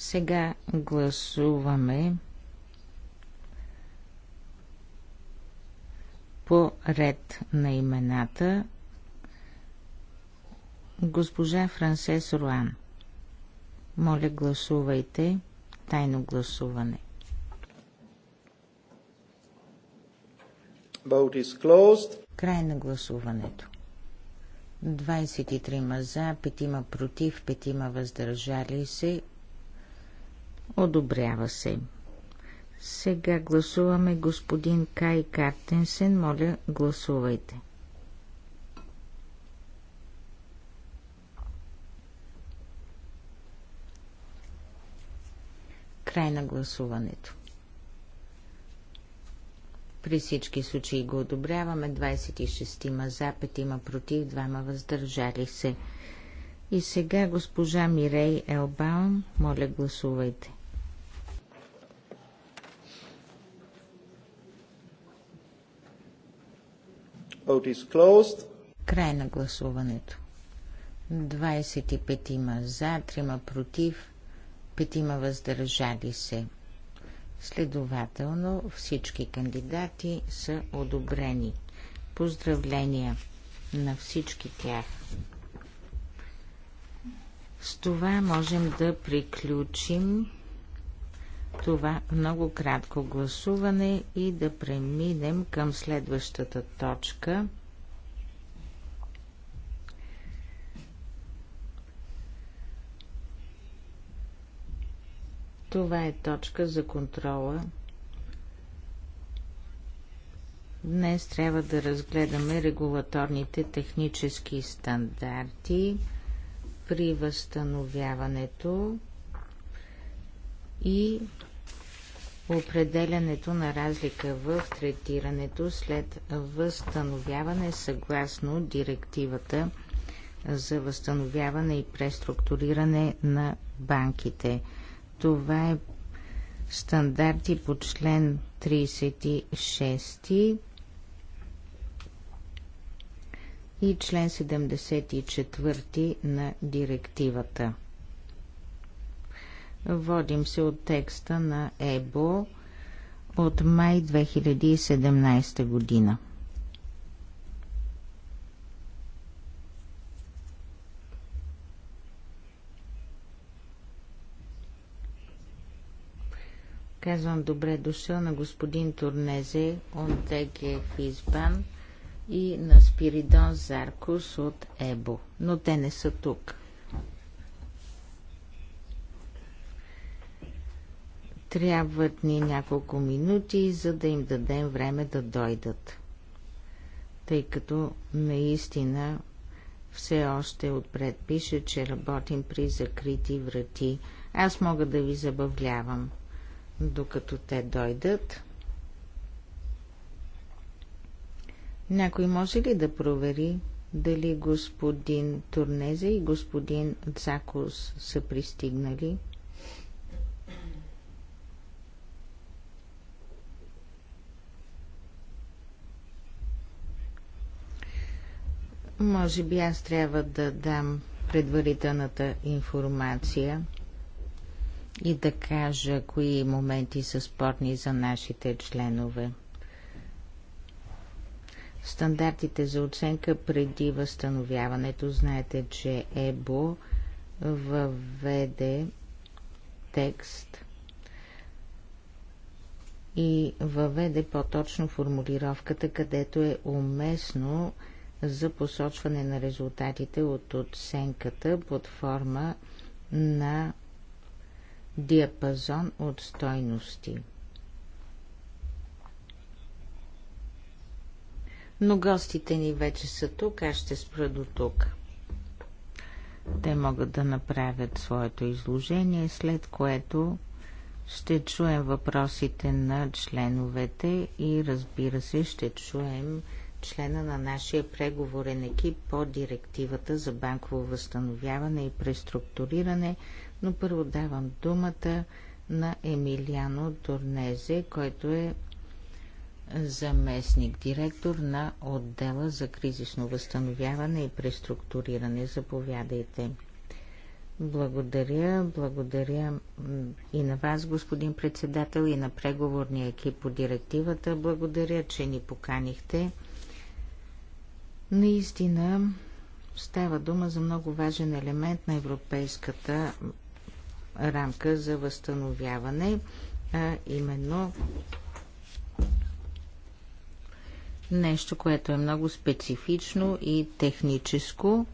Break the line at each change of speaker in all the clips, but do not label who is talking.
Сега гласуваме по ред на имената госпожа Франсес Руан. Моля, гласувайте тайно гласуване. Край на гласуването. 23 за, 5 против, 5 въздържали се, Одобрява се. Сега гласуваме господин Кай Картенсен. Моля, гласувайте. Край на гласуването. При всички случаи го одобряваме. 26 ма за, 5 ма против, 2 въздържали се. И сега госпожа Мирей Елбаун, моля гласувайте. Край на гласуването. 25 има за, 3 против, 5 въздържали се. Следователно всички кандидати са одобрени. Поздравления на всички тях. С това можем да приключим това много кратко гласуване и да преминем към следващата точка. Това е точка за контрола. Днес трябва да разгледаме регулаторните технически стандарти при възстановяването и определянето на разлика в третирането след възстановяване съгласно директивата за възстановяване и преструктуриране на банките. Това е стандарти по член 36 и член 74 на директивата. Водим се от текста на ЕБО от май 2017 година. Казвам добре дошъл на господин Турнезе от ДГ Физбан и на Спиридон Заркус от ЕБО, но те не са тук. Трябват ни няколко минути, за да им дадем време да дойдат. Тъй като наистина все още отпред пише, че работим при закрити врати. Аз мога да ви забавлявам, докато те дойдат. Някой може ли да провери дали господин Турнезе и господин Цакус са пристигнали? Може би аз трябва да дам предварителната информация и да кажа кои моменти са спорни за нашите членове. Стандартите за оценка преди възстановяването, знаете, че ЕБО въведе текст и въведе по-точно формулировката, където е уместно за посочване на резултатите от оценката под форма на диапазон от стойности. Но гостите ни вече са тук, аз ще спра до тук. Те могат да направят своето изложение, след което ще чуем въпросите на членовете и разбира се ще чуем члена на нашия преговорен екип по директивата за банково възстановяване и преструктуриране, но първо давам думата на Емилиано Торнезе, който е заместник директор на отдела за кризисно възстановяване и преструктуриране. Заповядайте. Благодаря, благодаря и на вас, господин председател, и на преговорния екип по директивата. Благодаря, че ни поканихте. Наистина става дума за много важен елемент на европейската рамка за възстановяване, а именно нещо, което е много специфично и техническо.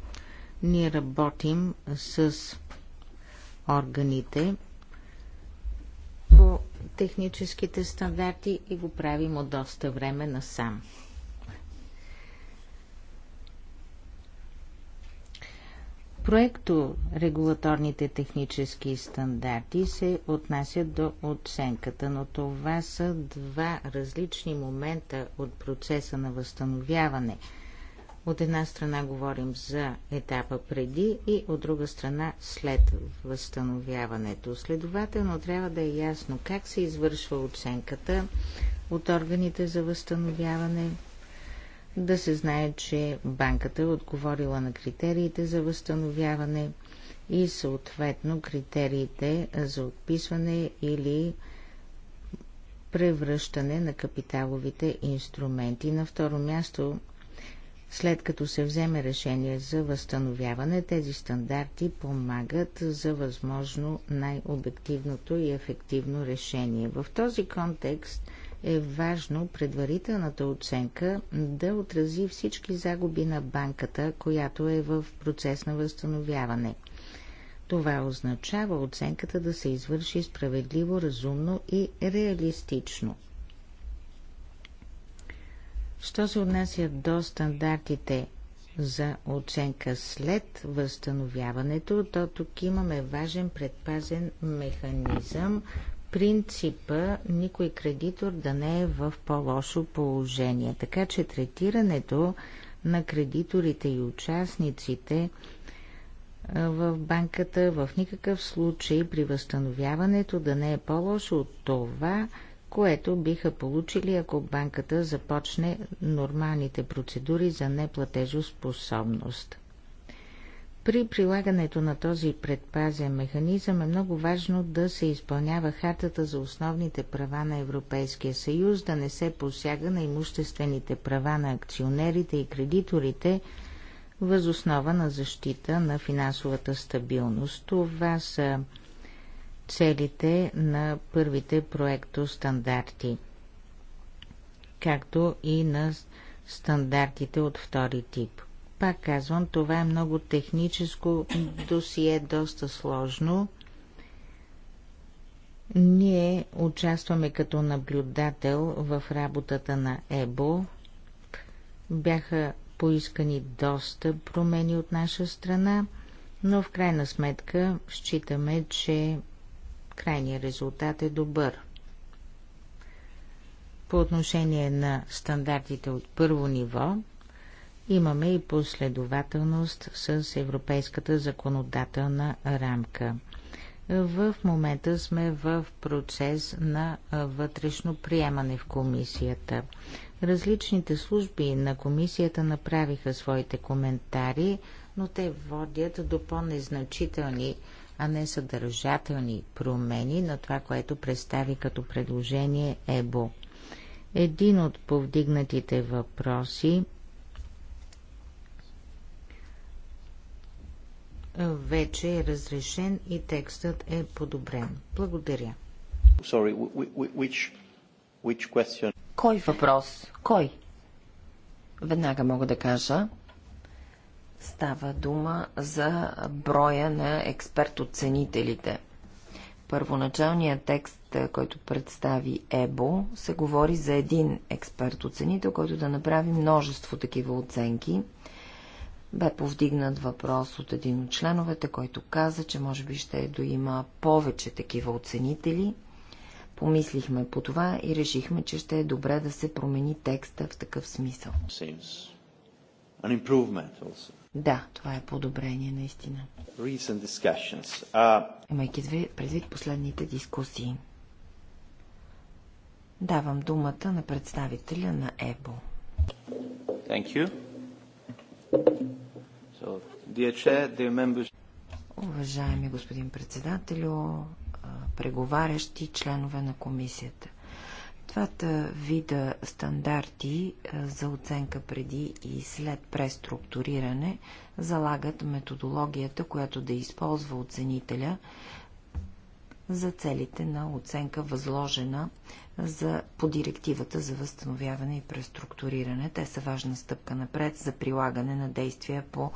Ние работим с органите по техническите стандарти и го правим от доста време насам. проекто регулаторните технически стандарти се отнасят до оценката, но това са два различни момента от процеса на възстановяване. От една страна говорим за етапа преди и от друга страна след възстановяването. Следователно трябва да е ясно как се извършва оценката от органите за възстановяване, да се знае, че банката е отговорила на критериите за възстановяване и съответно критериите за отписване или превръщане на капиталовите инструменти. На второ място, след като се вземе решение за възстановяване, тези стандарти помагат за възможно най-обективното и ефективно решение. В този контекст е важно предварителната оценка да отрази всички загуби на банката, която е в процес на възстановяване. Това означава оценката да се извърши справедливо, разумно и реалистично. Що се отнася до стандартите за оценка след възстановяването, то тук имаме важен предпазен механизъм, принципа никой кредитор да не е в по-лошо положение. Така че третирането на кредиторите и участниците в банката в никакъв случай при възстановяването да не е по-лошо от това, което биха получили, ако банката започне нормалните процедури за неплатежоспособност. При прилагането на този предпазен механизъм е много важно да се изпълнява хартата за основните права на Европейския съюз, да не се посяга на имуществените права на акционерите и кредиторите, възоснова на защита на финансовата стабилност. Това са целите на първите проекто стандарти, както и на стандартите от втори тип. Пак казвам, това е много техническо досие, доста сложно. Ние участваме като наблюдател в работата на ЕБО. Бяха поискани доста промени от наша страна, но в крайна сметка считаме, че крайният резултат е добър. По отношение на стандартите от първо ниво, имаме и последователност с европейската законодателна рамка. В момента сме в процес на вътрешно приемане в комисията. Различните служби на комисията направиха своите коментари, но те водят до по-незначителни, а не съдържателни промени на това, което представи като предложение ЕБО. Един от повдигнатите въпроси вече е разрешен и текстът е подобрен. Благодаря.
Sorry, which, which question? Кой въпрос?
Кой? Веднага мога да кажа.
Става дума за броя на експерт-оценителите. Първоначалният текст, е, който представи ЕБО, се говори за един експерт-оценител, който да направи множество такива оценки – бе повдигнат въпрос от един от членовете, който каза, че може би ще е да има повече такива оценители. Помислихме по това и решихме, че ще е добре да се промени текста в такъв смисъл. Да, това е подобрение наистина.
Uh...
Имайки предвид последните дискусии. Давам думата на представителя на ЕБО. Thank you. Уважаеми господин председателю, преговарящи членове на комисията. Двата вида стандарти за оценка преди и след преструктуриране залагат методологията, която да използва оценителя, за целите на оценка възложена за, по директивата за възстановяване и преструктуриране. Те са важна стъпка напред за прилагане на действия по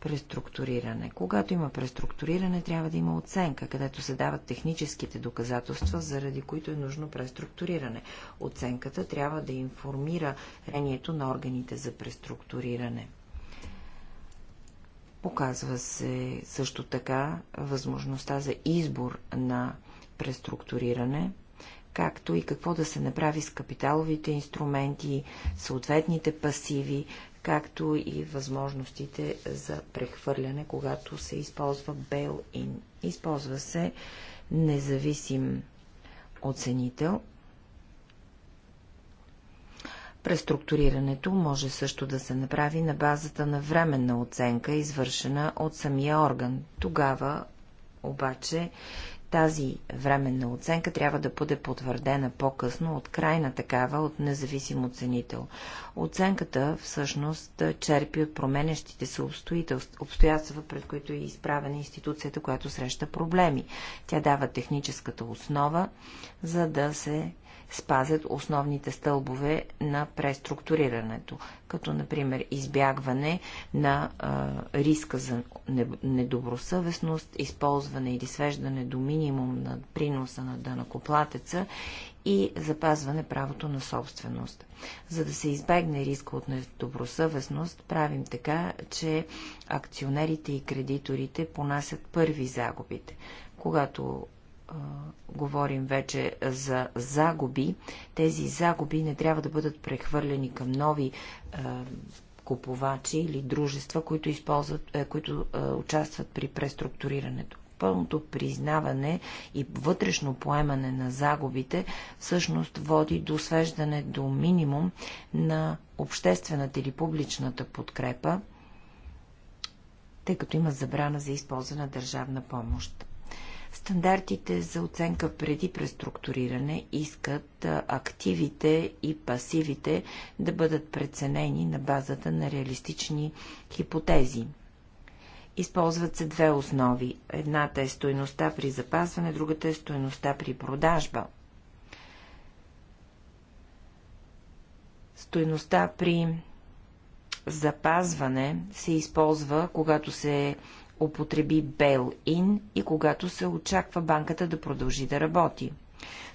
преструктуриране. Когато има преструктуриране, трябва да има оценка, където се дават техническите доказателства, заради които е нужно преструктуриране. Оценката трябва да информира рението на органите за преструктуриране. Показва се също така възможността за избор на преструктуриране, както и какво да се направи с капиталовите инструменти, съответните пасиви, както и възможностите за прехвърляне, когато се използва bail-in. Използва се независим оценител, Преструктурирането може също да се направи на базата на временна оценка, извършена от самия орган. Тогава обаче тази временна оценка трябва да бъде потвърдена по-късно от крайна такава от независим оценител. Оценката всъщност черпи от променещите се обстоятелства, пред които е изправена институцията, която среща проблеми. Тя дава техническата основа, за да се спазят основните стълбове на преструктурирането, като например избягване на а, риска за недобросъвестност, използване или свеждане до минимум на приноса на дънакоплатеца и запазване правото на собственост. За да се избегне риска от недобросъвестност, правим така, че акционерите и кредиторите понасят първи загубите. Когато говорим вече за загуби, тези загуби не трябва да бъдат прехвърлени към нови купувачи или дружества, които, използват, е, които участват при преструктурирането пълното признаване и вътрешно поемане на загубите всъщност води до свеждане до минимум на обществената или публичната подкрепа, тъй като има забрана за използване на държавна помощ. Стандартите за оценка преди преструктуриране искат активите и пасивите да бъдат преценени на базата на реалистични хипотези. Използват се две основи. Едната е стоеността при запазване, другата е стоеността при продажба. Стоеността при запазване се използва, когато се употреби бейл-ин и когато се очаква банката да продължи да работи.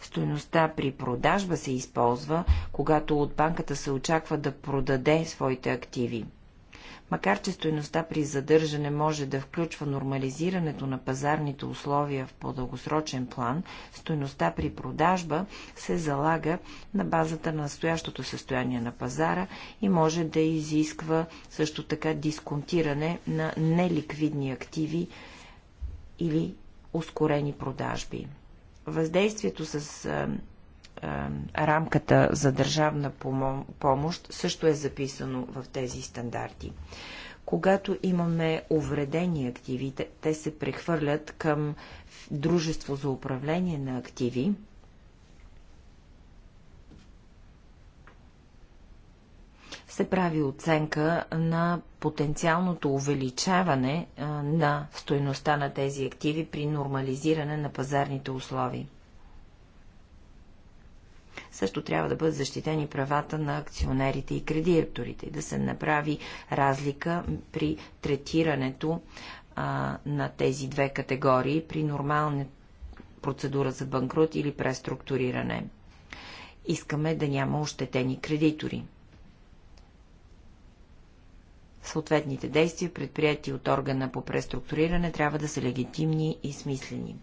Стойността при продажба се използва, когато от банката се очаква да продаде своите активи. Макар, че стоеността при задържане може да включва нормализирането на пазарните условия в по-дългосрочен план, стоеността при продажба се залага на базата на настоящото състояние на пазара и може да изисква също така дисконтиране на неликвидни активи или ускорени продажби. Въздействието с е, рамката за държавна помощ също е записано в тези стандарти. Когато имаме увредени активи, те се прехвърлят към дружество за управление на активи, се прави оценка на потенциалното увеличаване е, на стоеността на тези активи при нормализиране на пазарните условия. Също трябва да бъдат защитени правата на акционерите и кредиторите да се направи разлика при третирането а, на тези две категории при нормална процедура за банкрут или преструктуриране. Искаме да няма ощетени кредитори. Съответните действия, предприяти от органа по преструктуриране, трябва да са легитимни и смислени.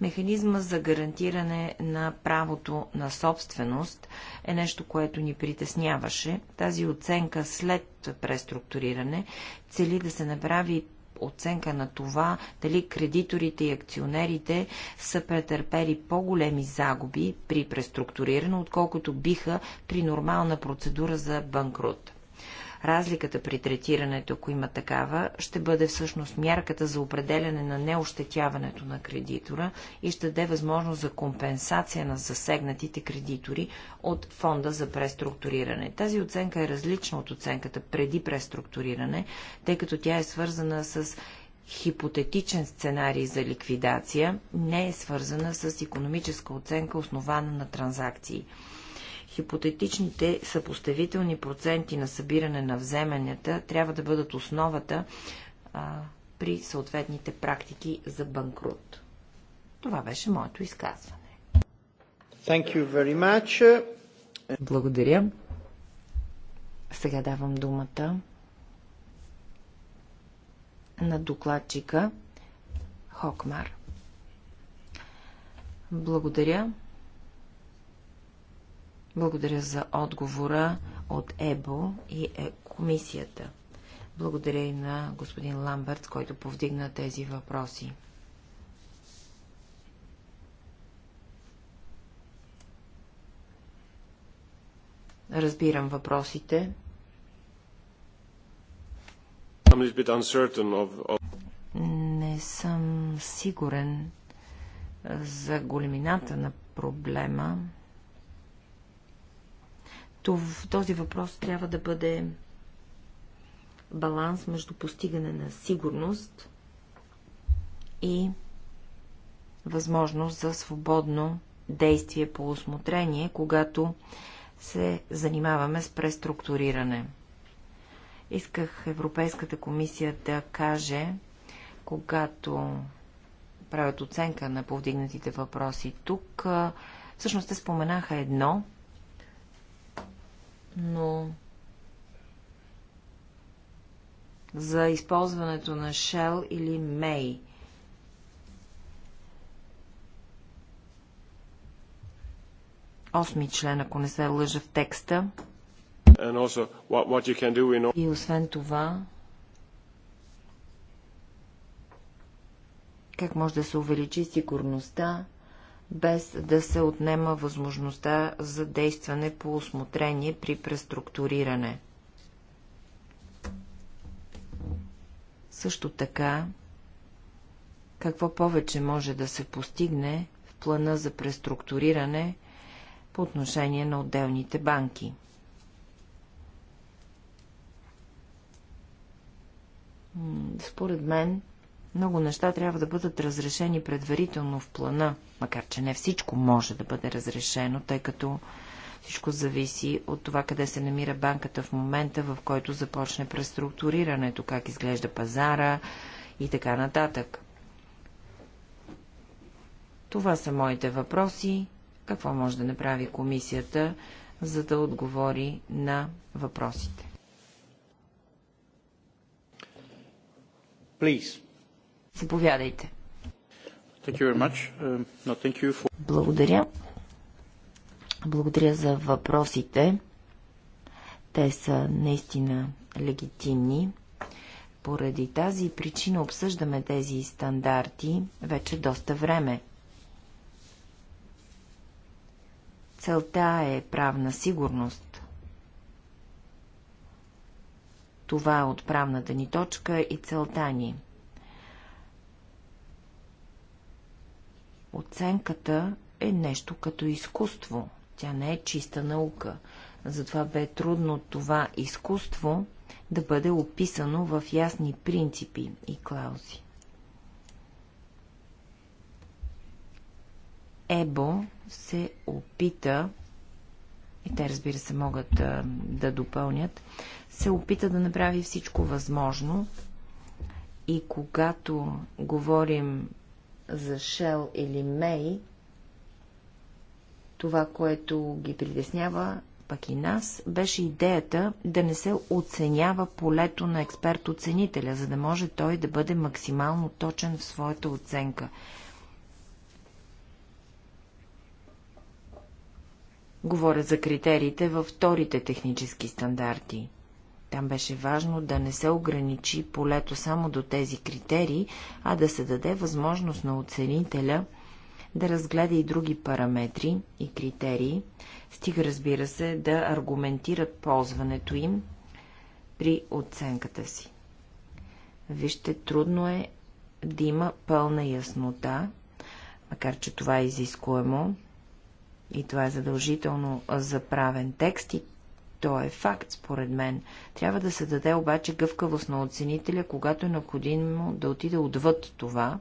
Механизма за гарантиране на правото на собственост е нещо, което ни притесняваше. Тази оценка след преструктуриране цели да се направи оценка на това дали кредиторите и акционерите са претърпели по-големи загуби при преструктуриране, отколкото биха при нормална процедура за банкрут. Разликата при третирането, ако има такава, ще бъде всъщност мярката за определяне на неощетяването на кредитора и ще даде възможност за компенсация на засегнатите кредитори от фонда за преструктуриране. Тази оценка е различна от оценката преди преструктуриране, тъй като тя е свързана с хипотетичен сценарий за ликвидация не е свързана с економическа оценка, основана на транзакции. Хипотетичните съпоставителни проценти на събиране на вземанията трябва да бъдат основата а, при съответните практики за банкрут. Това беше моето изказване.
Thank you very much.
Благодаря. Сега давам думата на докладчика Хокмар. Благодаря. Благодаря за отговора от ЕБО и Е комисията. Благодаря и на господин Ламберт, който повдигна тези въпроси. Разбирам въпросите. Не съм сигурен за големината на проблема този въпрос трябва да бъде баланс между постигане на сигурност и възможност за свободно действие по осмотрение, когато се занимаваме с преструктуриране. Исках Европейската комисия да каже, когато правят оценка на повдигнатите въпроси тук, всъщност те споменаха едно – но за използването на Shell или May. Осми член, ако не се лъжа в текста.
Also, what, what in... И
освен това, как може да се увеличи сигурността без да се отнема възможността за действане по осмотрение при преструктуриране. Също така, какво повече може да се постигне в плана за преструктуриране по отношение на отделните банки? Според мен, много неща трябва да бъдат разрешени предварително в плана, макар че не всичко може да бъде разрешено, тъй като всичко зависи от това къде се намира банката в момента, в който започне преструктурирането, как изглежда пазара и така нататък. Това са моите въпроси. Какво може да направи комисията, за да отговори на въпросите? Please. Заповядайте.
Um, Благодаря.
Благодаря за въпросите. Те са наистина легитимни. Поради тази причина обсъждаме тези стандарти вече доста време. Целта е правна сигурност. Това е отправната ни точка и целта ни – Оценката е нещо като изкуство. Тя не е чиста наука. Затова бе трудно това изкуство да бъде описано в ясни принципи и клаузи. Ебо се опита, и те разбира се могат да, да допълнят, се опита да направи всичко възможно и когато говорим за Шел или Мей, това, което ги притеснява, пък и нас, беше идеята да не се оценява полето на експерт-оценителя, за да може той да бъде максимално точен в своята оценка. Говоря за критериите във вторите технически стандарти. Там беше важно да не се ограничи полето само до тези критерии, а да се даде възможност на оценителя да разгледа и други параметри и критерии, стига разбира се да аргументират ползването им при оценката си. Вижте, трудно е да има пълна яснота, макар че това е изискуемо и това е задължително за правен текст и то е факт, според мен. Трябва да се даде обаче гъвкавост на оценителя, когато е необходимо да отиде отвъд това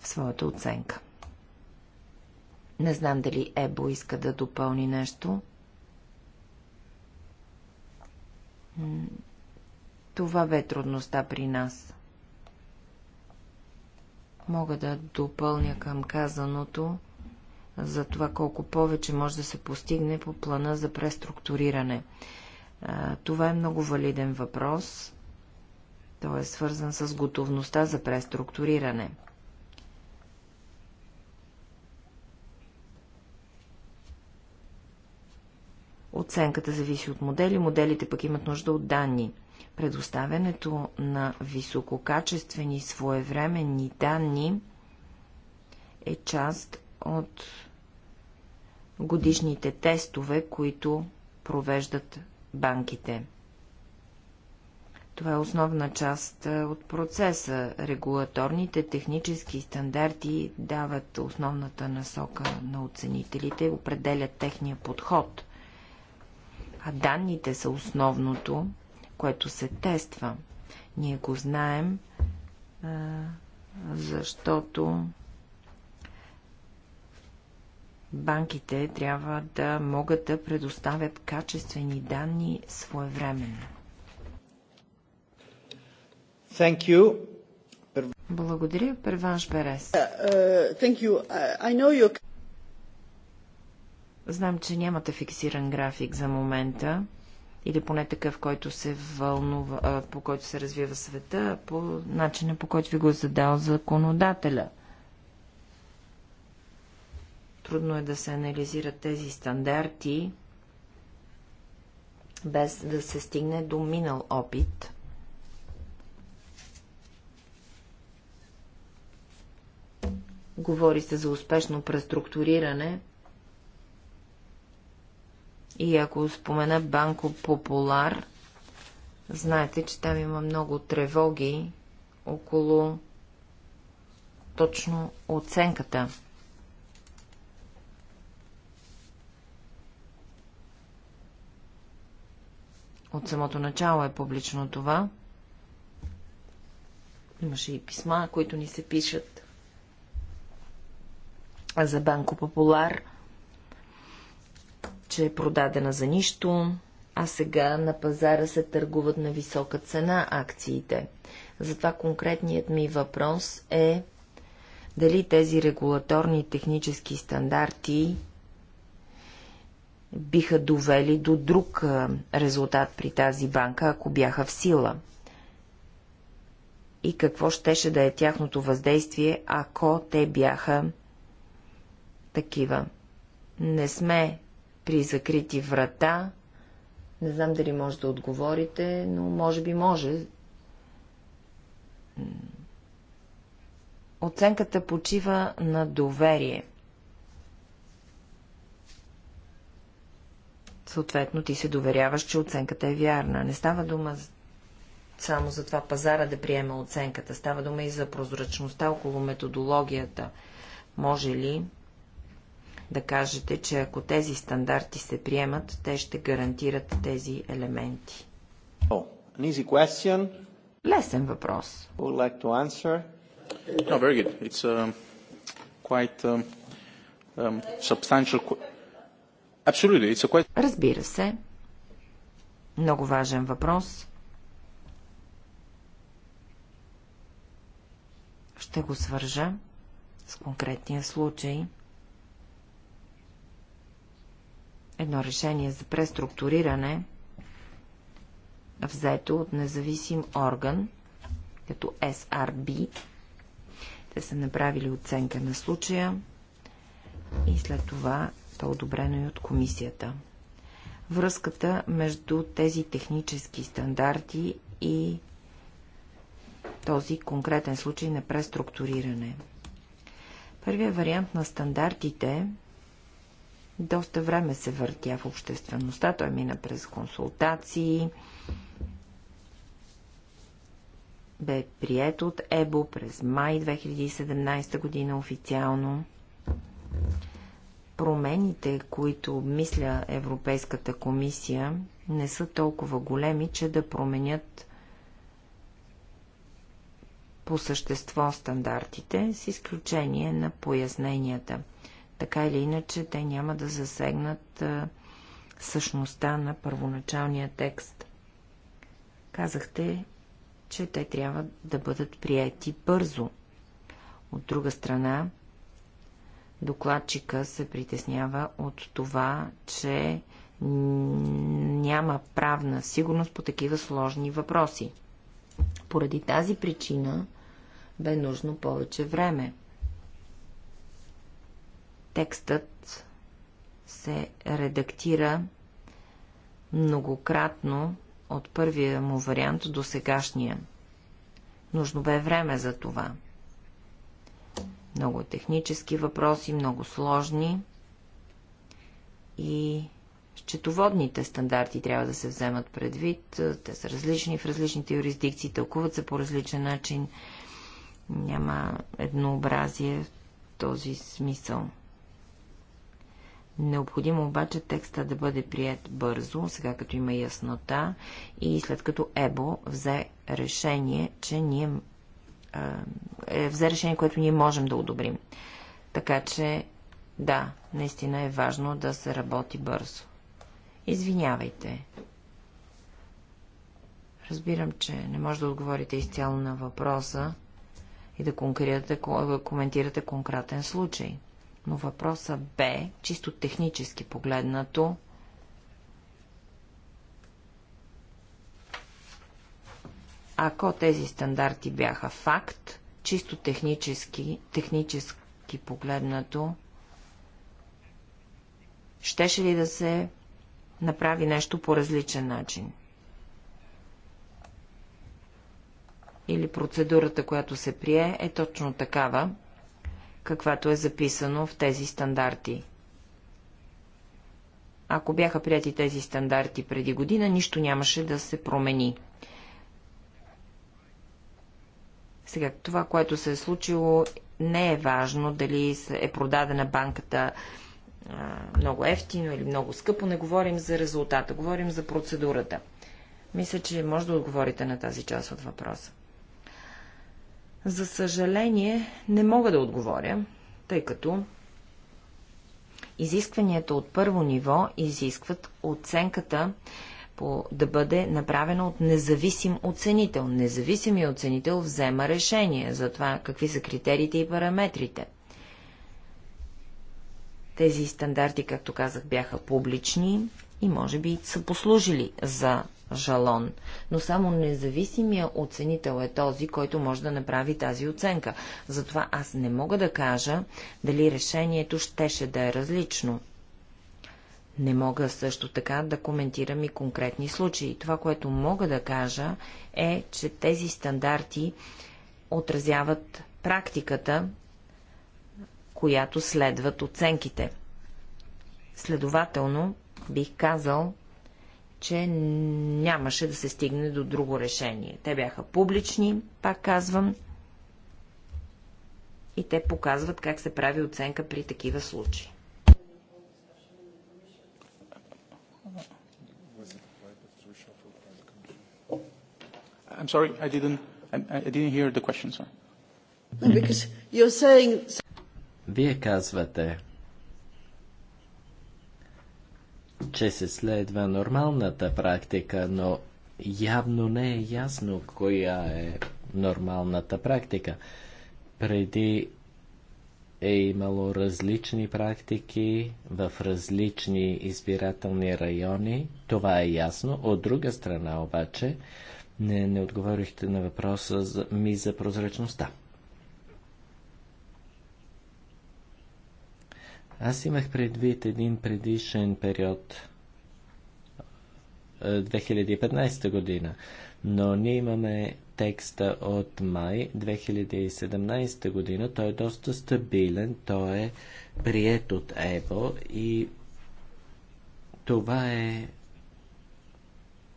в своята оценка. Не знам дали Ебо иска да допълни нещо. Това бе трудността при нас. Мога да допълня към казаното, за това колко повече може да се постигне по плана за преструктуриране. Това е много валиден въпрос. Той е свързан с готовността за преструктуриране. Оценката зависи от модели, моделите пък имат нужда от данни. Предоставянето на висококачествени своевременни данни е част от годишните тестове, които провеждат банките. Това е основна част от процеса. Регулаторните технически стандарти дават основната насока на оценителите, определят техния подход. А данните са основното, което се тества. Ние го знаем, защото банките трябва да могат да предоставят качествени данни своевременно. Thank you. Благодаря, Перванш Берес. Uh, you... Знам, че нямате фиксиран график за момента, или поне такъв, който се вълнува, по който се развива света, по начина по който ви го е задал законодателя – Трудно е да се анализират тези стандарти, без да се стигне до минал опит. Говори се за успешно преструктуриране. И ако спомена Банко Популар, знаете, че там има много тревоги около точно оценката От самото начало е публично това. Имаше и писма, които ни се пишат за Банко Популар, че е продадена за нищо, а сега на пазара се търгуват на висока цена акциите. Затова конкретният ми въпрос е дали тези регулаторни технически стандарти биха довели до друг резултат при тази банка, ако бяха в сила. И какво щеше да е тяхното въздействие, ако те бяха такива. Не сме при закрити врата. Не знам дали може да отговорите, но може би може. Оценката почива на доверие – Съответно, ти се доверяваш, че оценката е вярна. Не става дума само за това пазара да приема оценката. Става дума и за прозрачността около методологията. Може ли да кажете, че ако тези стандарти се приемат, те ще гарантират тези елементи?
Лесен въпрос. Like no, uh, quite, um, um, substantial... Разбира
се. Много важен въпрос. Ще го свържа с конкретния случай. Едно решение за преструктуриране, взето от независим орган, като SRB. Те са направили оценка на случая и след това то одобрено и от комисията. Връзката между тези технически стандарти и този конкретен случай на преструктуриране. Първият вариант на стандартите доста време се въртя в обществеността. Той мина през консултации, бе прият от ЕБО през май 2017 година официално промените, които обмисля Европейската комисия, не са толкова големи, че да променят по същество стандартите, с изключение на поясненията. Така или иначе, те няма да засегнат същността на първоначалния текст. Казахте, че те трябва да бъдат приети бързо. От друга страна, Докладчика се притеснява от това, че няма правна сигурност по такива сложни въпроси. Поради тази причина бе нужно повече време. Текстът се редактира многократно от първия му вариант до сегашния. Нужно бе време за това. Много технически въпроси, много сложни. И счетоводните стандарти трябва да се вземат предвид. Те са различни в различните юрисдикции, тълкуват се по различен начин. Няма еднообразие в този смисъл. Необходимо обаче текста да бъде прият бързо, сега като има яснота и след като ЕБО взе решение, че ние е, е, взе решение, което ние можем да одобрим. Така че, да, наистина е важно да се работи бързо. Извинявайте. Разбирам, че не може да отговорите изцяло на въпроса и да коментирате конкретен случай. Но въпросът бе, чисто технически погледнато, Ако тези стандарти бяха факт, чисто технически, технически погледнато, щеше ли да се направи нещо по различен начин? Или процедурата, която се прие, е точно такава, каквато е записано в тези стандарти. Ако бяха прияти тези стандарти преди година, нищо нямаше да се промени. Сега, това, което се е случило, не е важно дали е продадена банката много ефтино или много скъпо. Не говорим за резултата, говорим за процедурата. Мисля, че може да отговорите на тази част от въпроса. За съжаление, не мога да отговоря, тъй като изискванията от първо ниво изискват оценката по, да бъде направена от независим оценител. Независимият оценител взема решение за това какви са критериите и параметрите. Тези стандарти, както казах, бяха публични и може би са послужили за жалон. Но само независимия оценител е този, който може да направи тази оценка. Затова аз не мога да кажа дали решението щеше да е различно – не мога също така да коментирам и конкретни случаи. Това, което мога да кажа е, че тези стандарти отразяват практиката, която следват оценките. Следователно, бих казал, че нямаше да се стигне до друго решение. Те бяха публични, пак казвам, и те показват как се прави оценка при такива случаи.
I'm sorry, I didn't, I didn't hear the question, sir. Because
you're saying...
Вие казвате, че се следва нормалната практика, но явно не е ясно коя е нормалната практика. Преди е имало различни практики в различни избирателни райони, това е ясно. От друга страна обаче, не, не отговорихте на въпроса за, ми за прозрачността. Аз имах предвид един предишен период 2015 е, година, но ние имаме текста от май 2017 година. Той е доста стабилен, той е прият от ЕБО и това е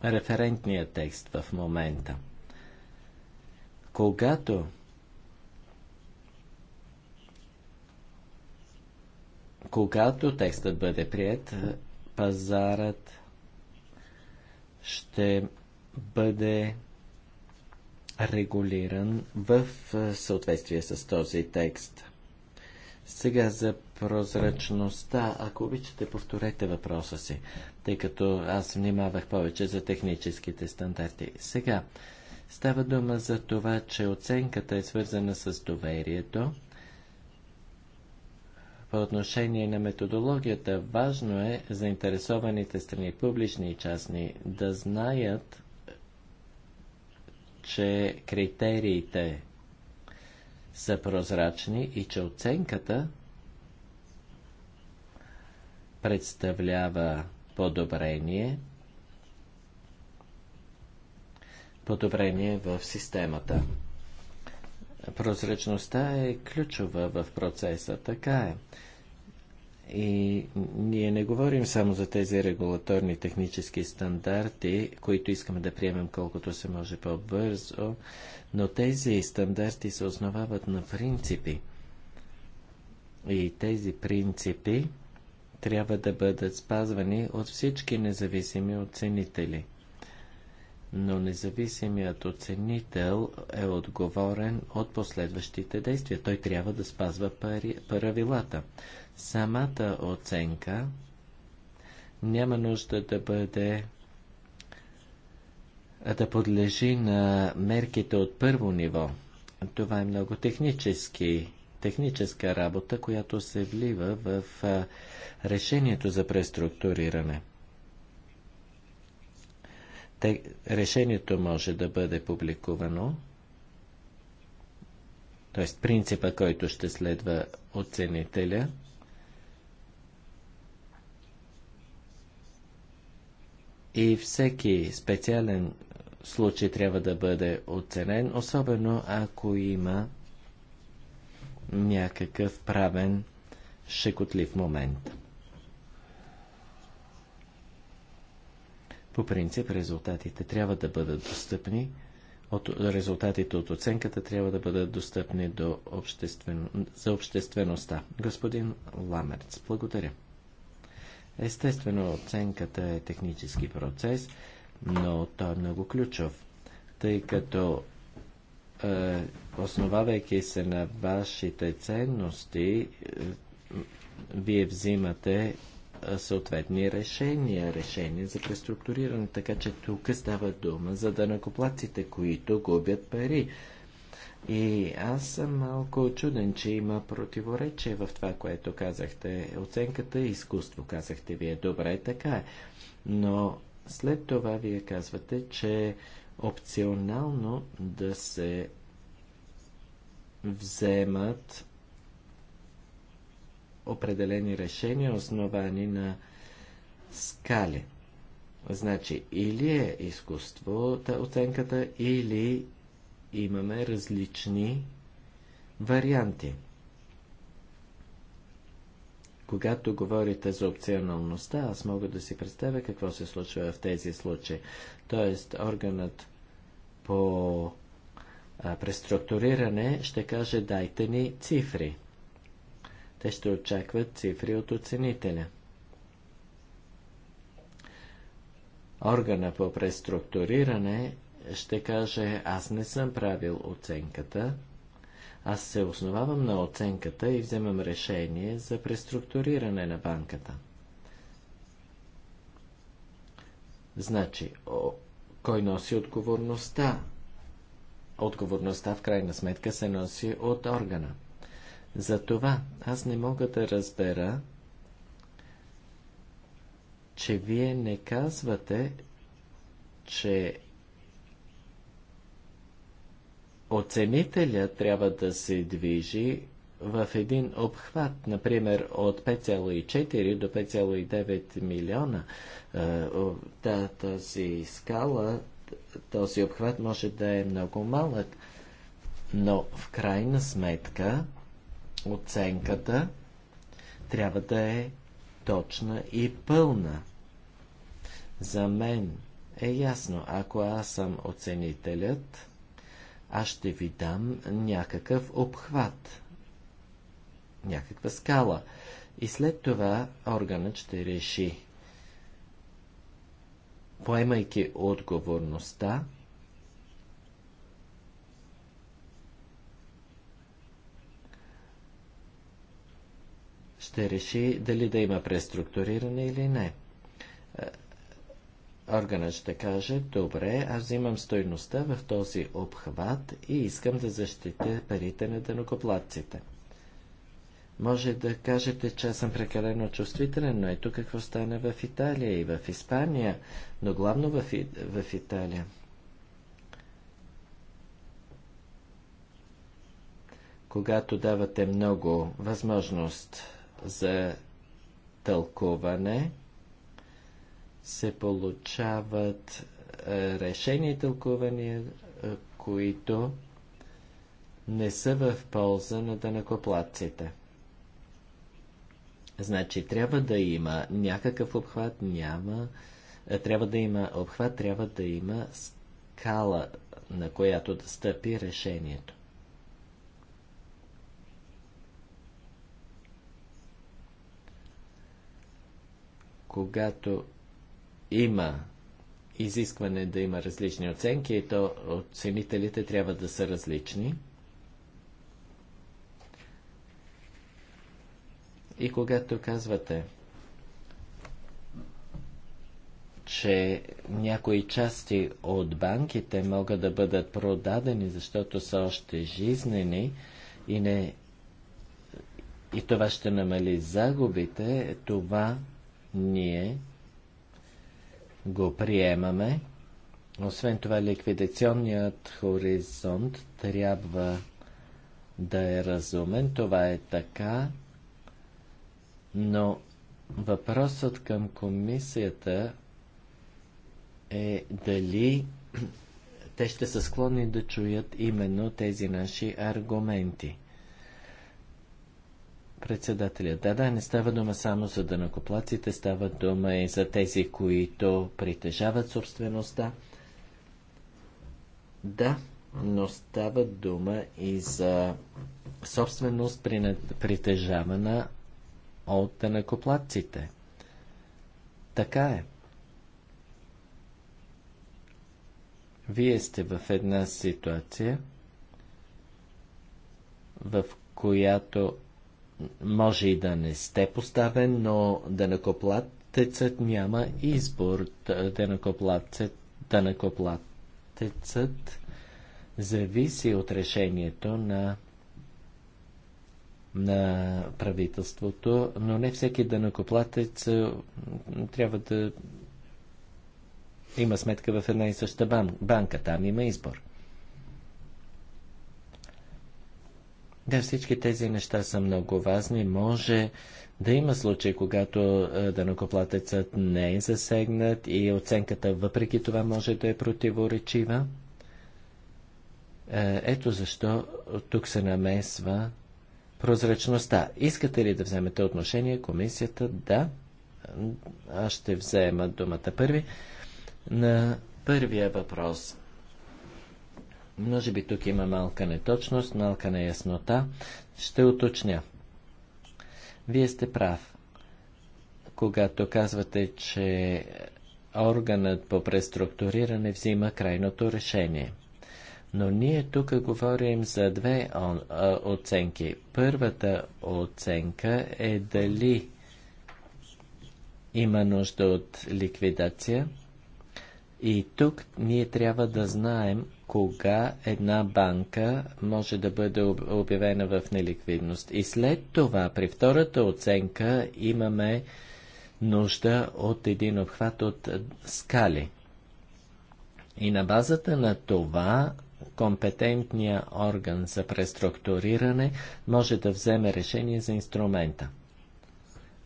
референтния текст в момента. Когато когато текстът бъде прият, пазарът ще бъде регулиран в съответствие с този текст. Сега за прозрачността, ако обичате, повторете въпроса си тъй като аз внимавах повече за техническите стандарти. Сега става дума за това, че оценката е свързана с доверието. По отношение на методологията, важно е заинтересованите страни, публични и частни, да знаят, че критериите са прозрачни и че оценката представлява подобрение, подобрение в системата. Прозрачността е ключова в процеса, така е. И ние не говорим само за тези регулаторни технически стандарти, които искаме да приемем колкото се може по-бързо, но тези стандарти се основават на принципи. И тези принципи трябва да бъдат спазвани от всички независими оценители. Но независимият оценител е отговорен от последващите действия. Той трябва да спазва пари, правилата. Самата оценка няма нужда да бъде да подлежи на мерките от първо ниво. Това е много технически техническа работа, която се влива в решението за преструктуриране. решението може да бъде публикувано, т.е. принципа, който ще следва оценителя, и всеки специален случай трябва да бъде оценен, особено ако има някакъв правен шекотлив момент. По принцип резултатите трябва да бъдат достъпни, от, резултатите от оценката трябва да бъдат достъпни до обществен, за обществеността. Господин Ламерц, благодаря. Естествено, оценката е технически процес, но той е много ключов, тъй като е, основавайки се на вашите ценности, е, вие взимате е, съответни решения, решения за преструктуриране. Така че тук става дума за накоплаците, които губят пари. И аз съм малко чуден, че има противоречие в това, което казахте. Оценката е изкуство, казахте вие. Добре, така е. Но след това вие казвате, че опционално да се вземат определени решения, основани на скали. Значи, или е изкуство та оценката, или имаме различни варианти. Когато говорите за опционалността, аз мога да си представя какво се случва в тези случаи. Тоест, органът по а, преструктуриране ще каже дайте ни цифри. Те ще очакват цифри от оценителя. Органа по преструктуриране ще каже аз не съм правил оценката, аз се основавам на оценката и вземам решение за преструктуриране на банката. Значи, о, кой носи отговорността? Отговорността в крайна сметка се носи от органа. Затова аз не мога да разбера, че вие не казвате, че оценителя трябва да се движи в един обхват, например от 5,4 до 5,9 милиона. Да, е, тази скала, този обхват може да е много малък, но в крайна сметка оценката трябва да е точна и пълна. За мен е ясно, ако аз съм оценителят, аз ще ви дам някакъв обхват, някаква скала. И след това органът ще реши, поемайки отговорността, ще реши дали да има преструктуриране или не органът ще каже, добре, аз взимам стойността в този обхват и искам да защитя парите на дънокоплатците. Може да кажете, че аз съм прекалено чувствителен, но ето какво стана в Италия и в Испания, но главно в, И... в Италия. Когато давате много възможност за тълкуване, се получават е, решения и тълкувания, е, които не са в полза на данакоплатците. Значи трябва да има някакъв обхват, няма. Е, трябва да има обхват, трябва да има скала, на която да стъпи решението. Когато има изискване да има различни оценки и то оценителите трябва да са различни. И когато казвате, че някои части от банките могат да бъдат продадени, защото са още жизнени и, не... и това ще намали загубите, това ние го приемаме. Освен това, ликвидационният хоризонт трябва да е разумен. Това е така. Но въпросът към комисията е дали те ще са склонни да чуят именно тези наши аргументи. Председателя, да, да, не става дума само за дънакоплаците, става дума и за тези, които притежават собствеността. Да, но става дума и за собственост притежавана от дънакоплаците. Така е. Вие сте в една ситуация, в която може и да не сте поставен, но денакоплатецът няма избор. Денакоплатецът, зависи от решението на на правителството, но не всеки дънакоплатец е, трябва да има сметка в една и съща банка. Там има избор. Да, всички тези неща са много важни. Може да има случаи, когато данокоплатецът не е засегнат и оценката въпреки това може да е противоречива. Е, ето защо тук се намесва прозрачността. Искате ли да вземете отношение комисията? Да. Аз ще взема думата първи. На първия въпрос – може би тук има малка неточност, малка неяснота. Ще уточня. Вие сте прав, когато казвате, че органът по преструктуриране взима крайното решение. Но ние тук говорим за две оценки. Първата оценка е дали има нужда от ликвидация – и тук ние трябва да знаем кога една банка може да бъде обявена в неликвидност. И след това, при втората оценка, имаме нужда от един обхват от скали. И на базата на това компетентният орган за преструктуриране може да вземе решение за инструмента.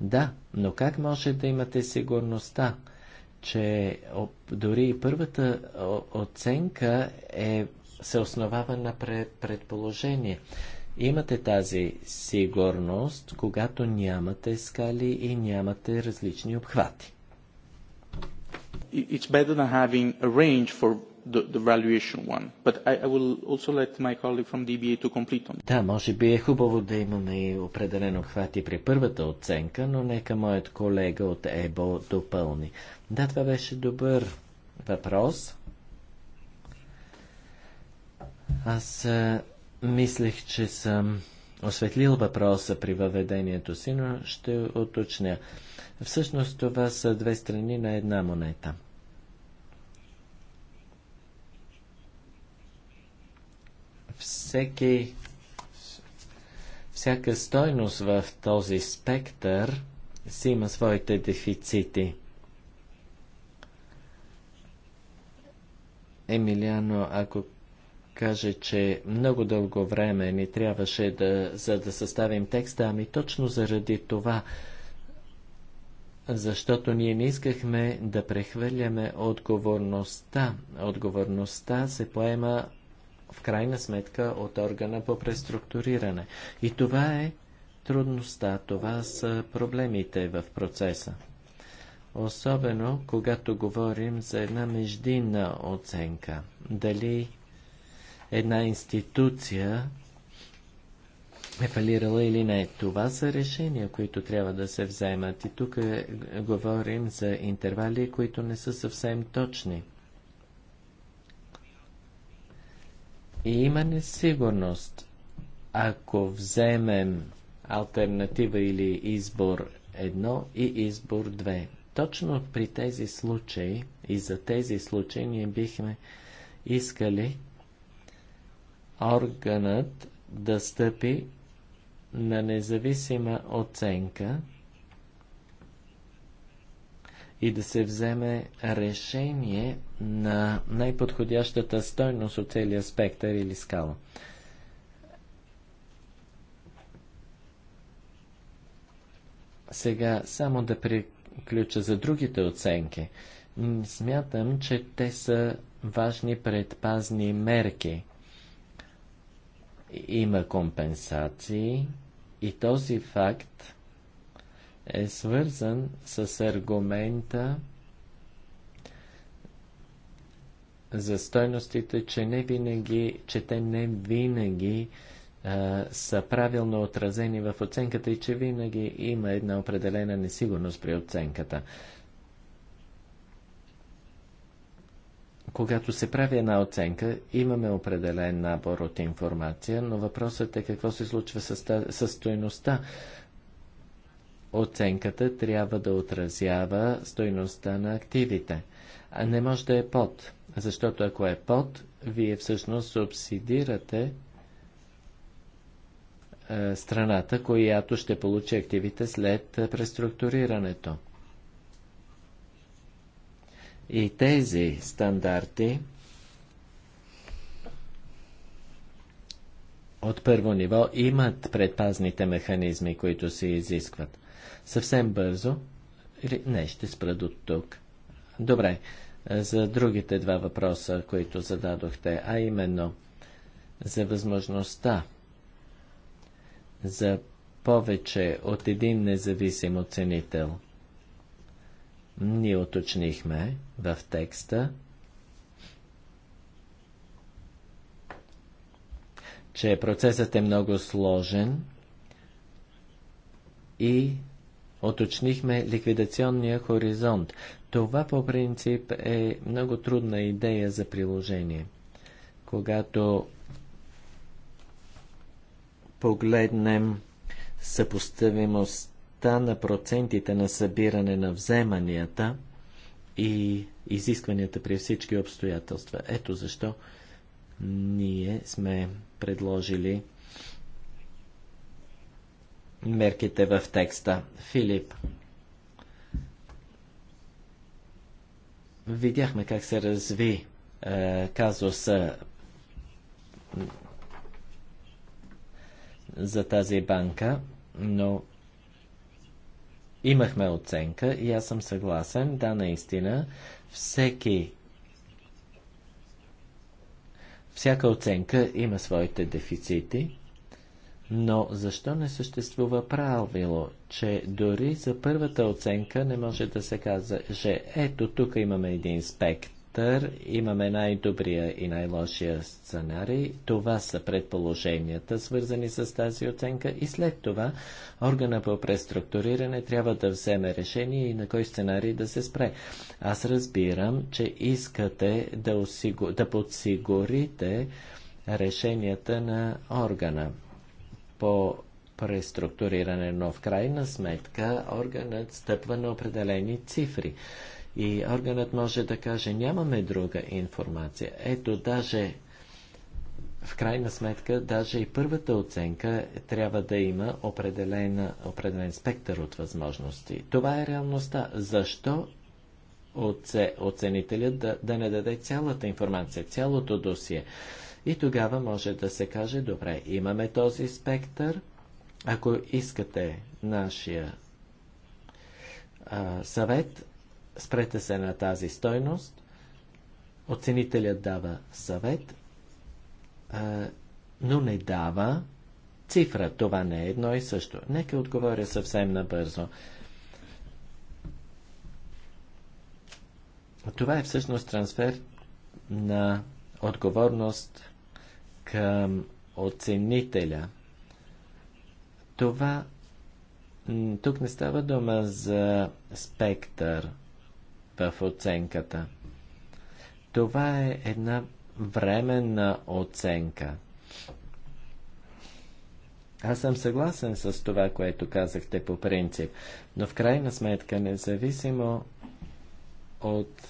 Да, но как може да имате сигурността? че дори и първата оценка е, се основава на предположение. Имате тази сигурност, когато нямате скали и нямате различни обхвати. It's better than having a range for the, valuation one. But I, I will also let my colleague from DBA to complete on. Да, може би е хубаво да имаме определен обхват и при първата оценка, но нека моят колега от ЕБО допълни. Да, това беше добър въпрос. Аз а, мислех, че съм осветлил въпроса при въведението си, но ще уточня. Всъщност това са две страни на една монета – всеки, всяка стойност в този спектър си има своите дефицити. Емилиано, ако каже, че много дълго време ни трябваше да, за да съставим текста, ами точно заради това, защото ние не искахме да прехвърляме отговорността. Отговорността се поема в крайна сметка от органа по преструктуриране. И това е трудността, това са проблемите в процеса. Особено когато говорим за една междинна оценка. Дали една институция е фалирала или не. Това са решения, които трябва да се вземат. И тук е, говорим за интервали, които не са съвсем точни. И има несигурност. Ако вземем альтернатива или избор едно и избор две, Точно при тези случаи и за тези случаи ние бихме искали органът да стъпи на независима оценка и да се вземе решение на най-подходящата стойност от целия спектър или скала. Сега само да приключа за другите оценки. Смятам, че те са важни предпазни мерки. Има компенсации и този факт е свързан с аргумента за стойностите, че не винаги, че те не винаги а, са правилно отразени в оценката и че винаги има една определена несигурност при оценката. Когато се прави една оценка, имаме определен набор от информация, но въпросът е какво се случва с, с стойността оценката трябва да отразява стойността на активите, а не може да е под, защото ако е под, вие всъщност субсидирате е, страната, която ще получи активите след преструктурирането. И тези стандарти от първо ниво имат предпазните механизми, които се изискват съвсем бързо. Или не, ще спра до тук. Добре, за другите два въпроса, които зададохте, а именно за възможността за повече от един независим оценител. Ние уточнихме в текста, че процесът е много сложен и Оточнихме ликвидационния хоризонт. Това по принцип е много трудна идея за приложение. Когато погледнем съпоставимостта на процентите на събиране на вземанията и изискванията при всички обстоятелства. Ето защо ние сме предложили мерките в текста. Филип. Видяхме как се разви е, казуса за тази банка, но имахме оценка и аз съм съгласен, да, наистина, всеки всяка оценка има своите дефицити. Но защо не съществува правило, че дори за първата оценка не може да се казва, че ето тук имаме един спектър, имаме най-добрия и най-лошия сценарий, това са предположенията, свързани с тази оценка и след това органа по преструктуриране трябва да вземе решение и на кой сценарий да се спре. Аз разбирам, че искате да, осигу... да подсигурите решенията на органа по преструктуриране, но в крайна сметка органът стъпва на определени цифри. И органът може да каже, нямаме друга информация. Ето, даже в крайна сметка, даже и първата оценка трябва да има определена, определен спектър от възможности. Това е реалността. Защо оце, оценителят да, да не даде цялата информация, цялото досие? И тогава може да се каже, добре, имаме този спектър, ако искате нашия а, съвет, спрете се на тази стойност, оценителят дава съвет, а, но не дава цифра. Това не е едно и също. Нека отговоря съвсем набързо. Това е всъщност трансфер на отговорност към оценителя. Това тук не става дума за спектър в оценката. Това е една временна оценка. Аз съм съгласен с това, което казахте по принцип, но в крайна сметка, независимо от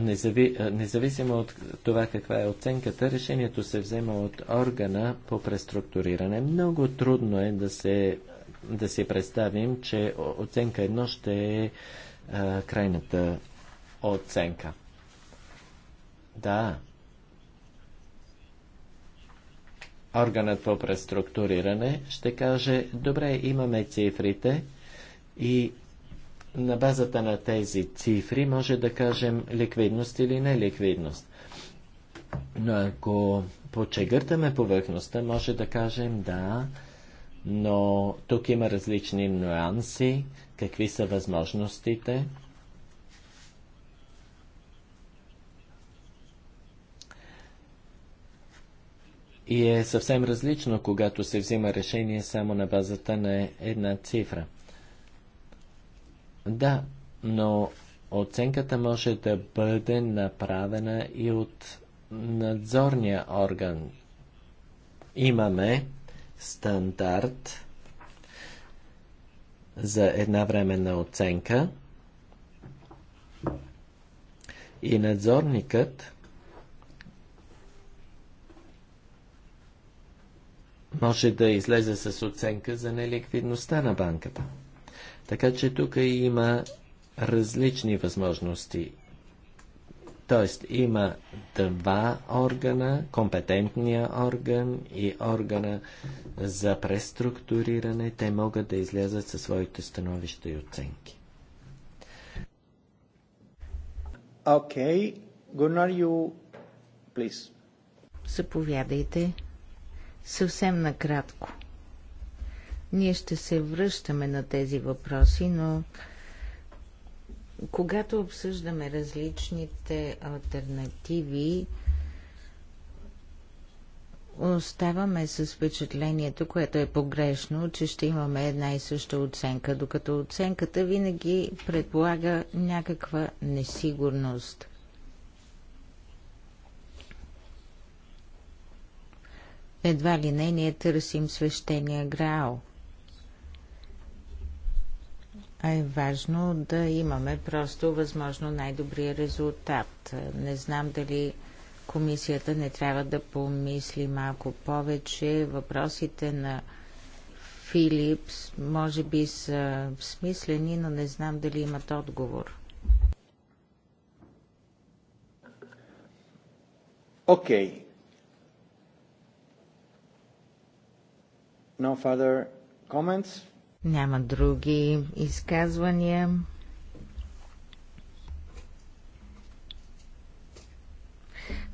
незави, независимо от това каква е оценката, решението се взема от органа по преструктуриране. Много трудно е да, се, да си представим, че оценка едно ще е а, крайната оценка. Да. Органът по преструктуриране ще каже, добре, имаме цифрите и на базата на тези цифри може да кажем ликвидност или неликвидност. Но ако почегъртаме повърхността, може да кажем да, но тук има различни нюанси, какви са възможностите. И е съвсем различно, когато се взима решение само на базата на една цифра. Да, но оценката може да бъде направена и от надзорния орган. Имаме стандарт за една временна оценка и надзорникът може да излезе с оценка за неликвидността на банката. Така че тук има различни възможности. Тоест има два органа, компетентния орган и органа за преструктуриране. Те могат да излязат със своите становища и оценки. Окей. Гунар, you... please.
Заповядайте. Съвсем накратко. Ние ще се връщаме на тези въпроси, но когато обсъждаме различните альтернативи, оставаме с впечатлението, което е погрешно, че ще имаме една и съща оценка, докато оценката винаги предполага някаква несигурност. Едва ли не ние търсим свещения грал – а е важно да имаме просто възможно най-добрия резултат. Не знам дали комисията не трябва да помисли малко повече. Въпросите на Филипс може би са смислени, но не знам дали имат отговор.
Окей. Okay. No further comments?
Няма други изказвания.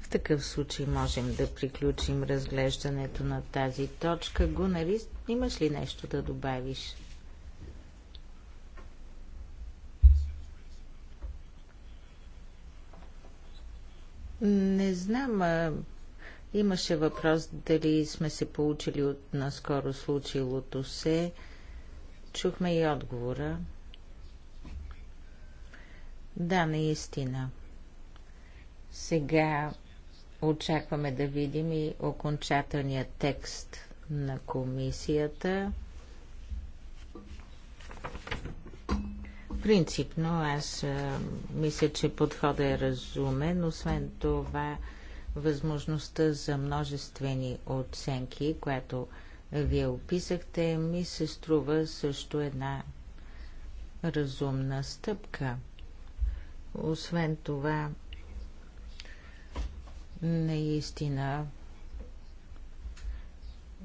В такъв случай можем да приключим разглеждането на тази точка. Гунари, имаш ли нещо да добавиш? Не знам. А... Имаше въпрос дали сме се получили от наскоро случилото се. Чухме и отговора. Да, наистина. Сега очакваме да видим и окончателния текст на комисията. Принципно аз а, мисля, че подходът е разумен. Освен това, възможността за множествени оценки, която вие описахте, ми се струва също една разумна стъпка. Освен това, наистина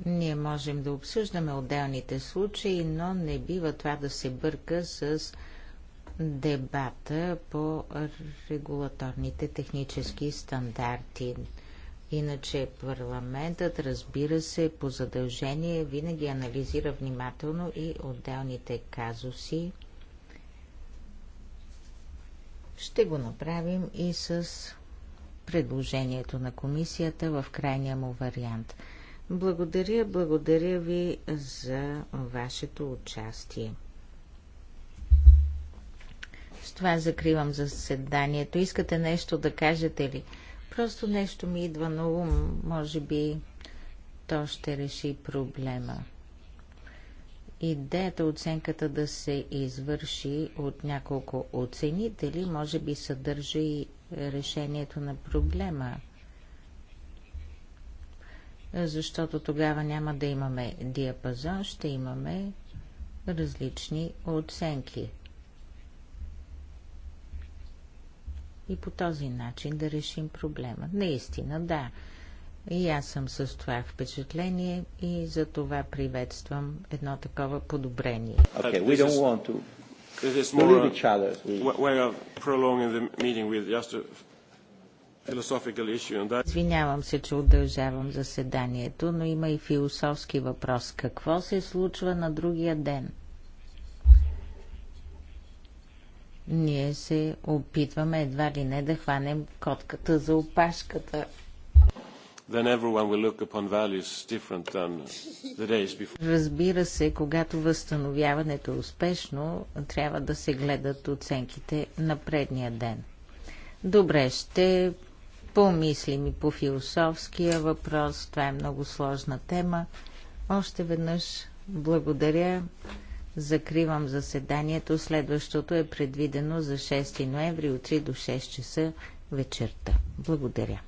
ние можем да обсъждаме отделните случаи, но не бива това да се бърка с дебата по регулаторните технически стандарти. Иначе парламентът, разбира се, по задължение винаги анализира внимателно и отделните казуси. Ще го направим и с предложението на комисията в крайния му вариант. Благодаря, благодаря ви за вашето участие. С това закривам заседанието. Искате нещо да кажете ли? Просто нещо ми идва на ум, може би то ще реши проблема. Идеята оценката да се извърши от няколко оценители, може би съдържа и решението на проблема. Защото тогава няма да имаме диапазон, ще имаме различни оценки. и по този начин да решим проблема. Наистина, да. И аз съм с това впечатление и за това приветствам едно такова подобрение.
Okay, we don't want to... This is more each other. Uh, way of prolonging the meeting with just a philosophical issue. And that...
Извинявам се, че удължавам заседанието, но има и философски въпрос. Какво се случва на другия ден? ние се опитваме едва ли не да хванем котката за опашката. Разбира се, когато възстановяването е успешно, трябва да се гледат оценките на предния ден. Добре, ще помислим и по философския въпрос. Това е много сложна тема. Още веднъж благодаря Закривам заседанието. Следващото е предвидено за 6 ноември от 3 до 6 часа вечерта. Благодаря.